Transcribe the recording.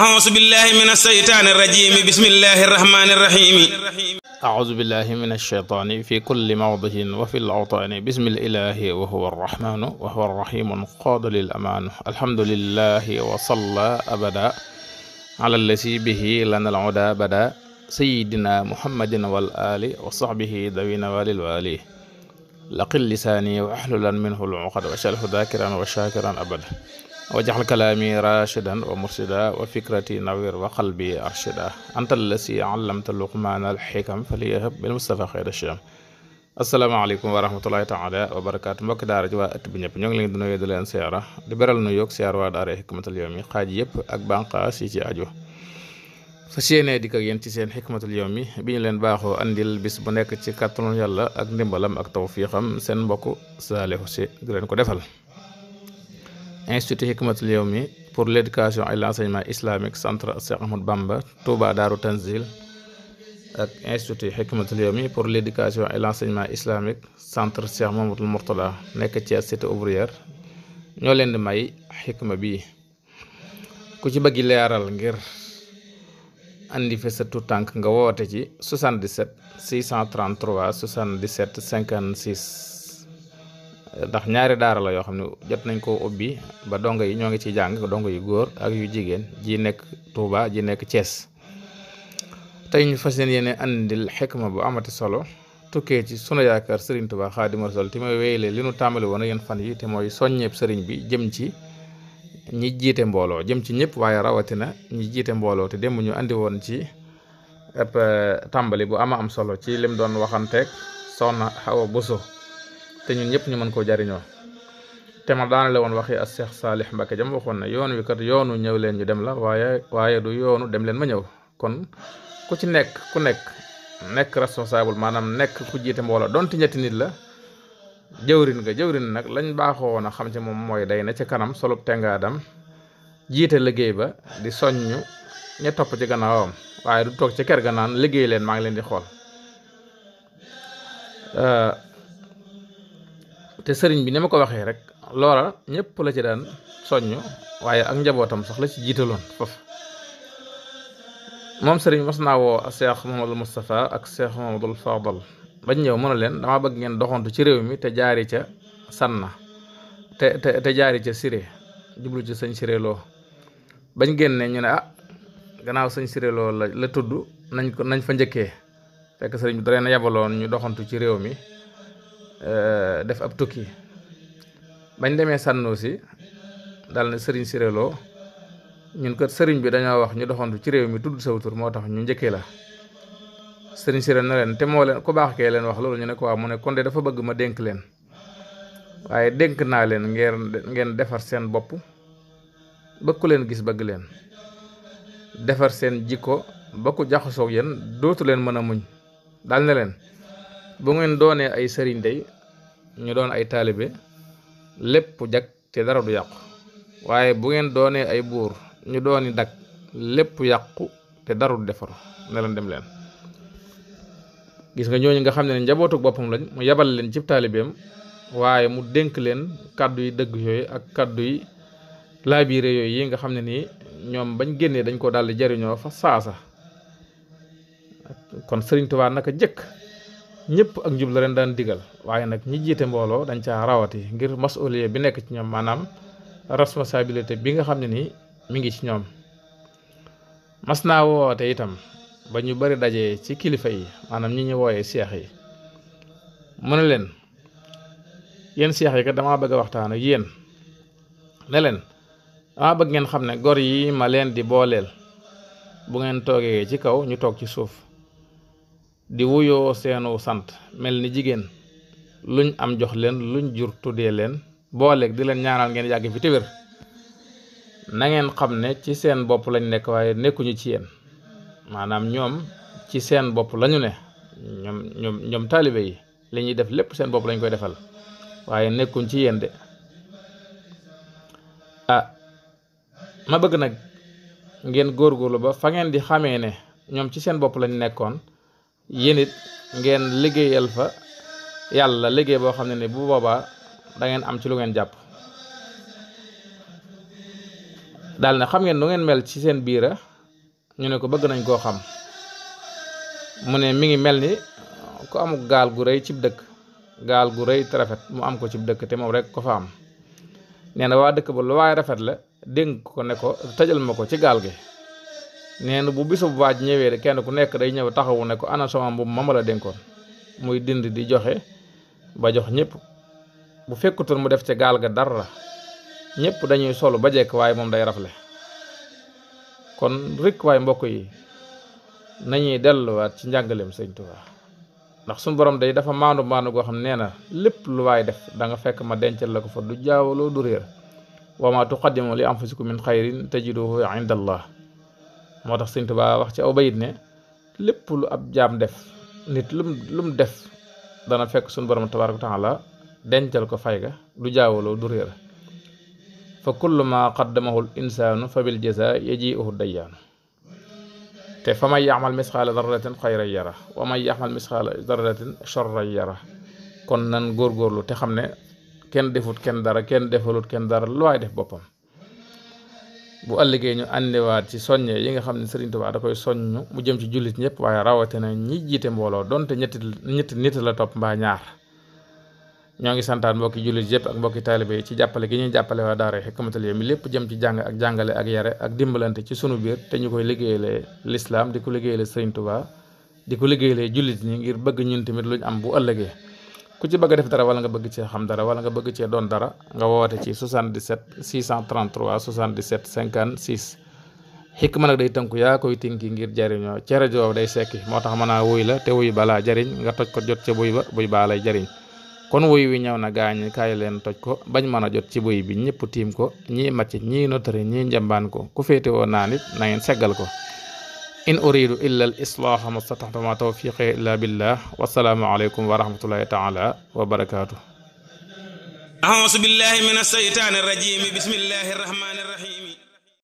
أعوذ بالله من الشيطان الرجيم بسم الله الرحمن الرحيم أعوذ بالله من الشيطان في كل موضع وفي الأوطان بسم الإله وهو الرحمن وهو الرحيم قاد للأمان الحمد لله وصلى أبدا على الذي به لنا العدا بدا سيدنا محمد والآل وصحبه ذوي نوال الوالي لقل لساني وأحللا منه العقد وشاله ذاكرا وشاكرا أبدا wajaxal kalaami rashidan wa mursida wa fikrati nawir wa qalbi arshida anta allasi allamta luqmaana alxikam faliyahab bil mustafa xayra sham asalaamaaleykum wa rahmatulahi taala wa barakaatu mbokki daara ji waa ëtt bu ñëpp ñoo ngi leen di nuyu di leen siyaara di beral nu yokk waa daara xikmatul yawmi xaaj yëpp ak banqaas yi ci aju fas yéene dikk ak ci seen xikmatul yawmi bi ñu leen baaxoo andil bis bu nekk ci kàttanu yàlla ak ndimbalam ak tawfiixam seen mbokk si leen ko defal institut Hikmatul Yawmi pour l'éducation et l'enseignement islamique centre Cheikh Ahmad Bamba Touba Daaru Tanzil ak institut Hikmatul Yawmi pour l'éducation et l'enseignement islamique centre Cheikh Mamadou nekk ci cité ouvrière ñoo leen di may xikma bi ku ci bëgg leeral ngir indi fi sa tout tànk nga woote ci 77 633 77 ndax ñaari daara la yoo xam ne jot nañ koo ubbi ba dongo yi ñoo ngi ci jàng dongo yu góor ak yu jigéen ji nekk tuuba ji nekk cees tey ñu fas yéene xekk ma bu amati solo tukkee ci sunu yaakaar Serigne Touba Xaadimu Rasuul te mooy wéyale li nu tàmbali woon yéen fan yi te mooy soññeeb sëriñ bi jëm ci ñi jiite mbooloo jëm ci ñëpp waaye rawatina ñi jiite mbooloo te démb ñu indi woon ci tàmbali bu ama am solo ci lim doon waxanteeg soxna Awa Bousso te ñun ñëpp ñu mën koo jariñoo te ma daanale woon waxi as Seex Saalix Mbàkke jam waxoon na yoon wi kat yoonu ñëw leen ñu dem la waaye waaye du yoonu dem leen ma ñëw kon ku ci nekk ku nekk nekk responsable maanaam nekk ku jiite mbooloo donte ñetti nit la jëwrin nga jëwrin nag lañ baaxoo woon a xam ci moom mooy day na ci kanam solub tengaadam jiite liggéey ba di soññ ña topp ci gannaawam waaye du toog ci kër ga naan liggéey leen maa ngi leen di xool euh, te sëriñ bi ni ma ko waxee rek loola ñëpp la ci daan soññ waaye ak njabootam sax la ci jiitaloon foofu moom sëriñ mas naa woo Cheikh Mouhamadou Moustapha ak Cheikh Mouhamadou Fadal bañ ñëw mën a leen dama bëgg ngeen doxantu ci réew mi te jaari ca Sanna te te te jaari ca Siré jublu ci sëñ Siré Lo bañ génnee ñu ne ah gannaaw sëñ Siré loo la la tudd nañ ko nañ fa njëkkee fekk sëriñ bi daree na yabaloon ñu doxantu ci réew mi Euh, def ab tukki bañ demee Sànnusi dal na sëriñ siréloo ñun kat sëriñ bi dañoo wax ñu doxantu ci réew mi tudd saw tur moo tax ñu njëkkee la sëriñ siré na leen te moo leen ku baax kee leen wax loolu ñu ne ko waaw mu ne kon de dafa bëgg ma dénk leen waaye dénk naa leen ngeen ngeen defar seen bopp ba leen gis bëgg leen defar seen jikko ba ku jaxasoog yéen dootu leen mën a muñ dal na leen bu ngeen doonee ay sëriñ day ñu doon ay taalibe lépp jag te dara du yàqu waaye bu ngeen doonee ay buur ñu dooni dag lépp yàqu te dara du defaru ne leen dem leen gis nga ñu nga xam ne njabootu boppam lañ mu yabal leen cib taalibeem waaye mu dénk leen kàddu yi dëgg yooyu ak kàddu yi laabiire yooyu yi nga xam ne nii ñoom bañ génnee dañ ko daldi jariñoo fa saasa kon Sëriñ Tuubaa naka jëkk ñëpp ak njub la leen daan digal waaye nag ñi jiite mbooloo dañ caa rawati ngir masuliya bi nekk ci ñoom maanaam responsabilité bi nga xam ne nii mi ngi ci ñoom mas naa woote itam ba ñu bari dajee ci kilifa yi maanaam ñi ñu wooyee seex yi mu ne leen yéen seex yi kat damaa bëgg a waxtaan ak yéen ne leen damaa bëgg ngeen xam ne gor yi ma leen di booleel bu ngeen toogee ci kaw ñu toog ci suuf di wuyoo seenu sant mel ni jigéen luñ am jox leen luñ jur tuddee leen booleeg di leen ñaanal ngeen yàgg fi téwér nangeen xam ne ci seen bopp lañ nekk waaye nekkuñu ci yéen maanaam ñoom ci seen bopp lañu ne ñoom ñoom ñoom taalibe yi li ñuy def lépp seen bopp lañ koy defal waaye nekkuñ ci yéen de ah ma bëgg nag ngeen góor góorlu ba fa ngeen di xamee ne ñoom ci seen bopp lañu nekkoon yéen it ngeen liggéeyal fa yàlla liggéey boo xam ne ni bu boobaa dangeen am ci lu ngeen jàpp dal ne xam ngeen lu ngeen mel ci seen biira ñu ne ko bëgg nañ koo xam mu ne mi ngi mel ni ku amul gaal gu rëy cib dëkk gaal gu rëy rafet mu am ko cib dëkk te moom rek ko fa am nee na waa dëkk ba lu waaye rafet la dénk ko ne ko tëjal ma ko ci gaal gi nee na bu bisub waaj ñëwee rek kenn ku nekk day ñëw taxawu ne ko ana sama mbubb ma ma la dénkoon muy dind di joxe ba jox ñépp bu fekkutoon mu def ca gaal ga dara ñëpp dañuy solu ba jekk waaye moom day rafle kon rikk waay mbokk yi nañuy delluwaat ci njàngaleem sëñ Tuubaa ndax suñu borom day dafa maandu maandu goo xam nee na lépp lu waaye def danga fekk ma dencal la ko fa du jaawaloo du réer wa ma tuqaddimu li anfusikum min xayrin tajiduhu inda allah moo tax Sëñ Tuubaa wax ci aw bayit ne lépp lu ab jaam def nit lum lu def dana fekk suñu borom tabaaraka wa la dencal ko fay ga du jaawoloo du réer fa kullu ma qaddamahul insaanu fa bil jazaa yajiihu dayyaanu te fa man yaxmal misxaala darratin xayran yara wa man yaxmal misxaala darratin charran yara kon nan góor góorlu te xam ne kenn defut kenn dara kenn defalut kenn dara lu waay def boppam bu ëllëgee ñu àndiwaat ci soññe yi nga xam ne Serigne Touba da koy soññ mu jëm ci jullit ñëpp waaye rawatina ñi jiite mbooloo donte ñetti ñetti nit la topp mbaa ñaar ñoo ngi santaan mbokki jullit yëpp ak mbokki taalibe yi ci jàppale gi ñuy jàppale waa daara Hikmatul Yawmi lépp jëm ci jàng ak jàngale ak yare ak dimbalante ci sunu biir te ñu koy liggéeyale lislaam di ko liggéeyale Serigne Touba di ko liggéeyale jullit ñi ngir bëgg ñun tamit luñ am bu ëllëgee ku ci bëgg def dara wala nga bëgg cee xam dara wala nga bëgg cee doon dara nga woote ci 77 633 77 56 xikma nag day tënku yaa koy tinki ngir jariñoo ci rajo day sekki moo tax ma naa wuy la te wuy balaa jariñ nga toj ko jot ca buy ba buy baa lay jariñ kon wuy wi ñaw na gaañi kaay leen toj ko bañ mën a jot ci buy bi ñëpp tiim ko ñii macc ñii notari ñii njambaan ko ku féete woon naa nit na ngeen seggal ko in uridu illa al islaaha mastataxtu ma tawfiqe illa billah wasalaamu aleykum wa rahmatullahi taala wa barakatuh ausu billahi min alsheytaani arrajim bismillahi arrahmani arrahim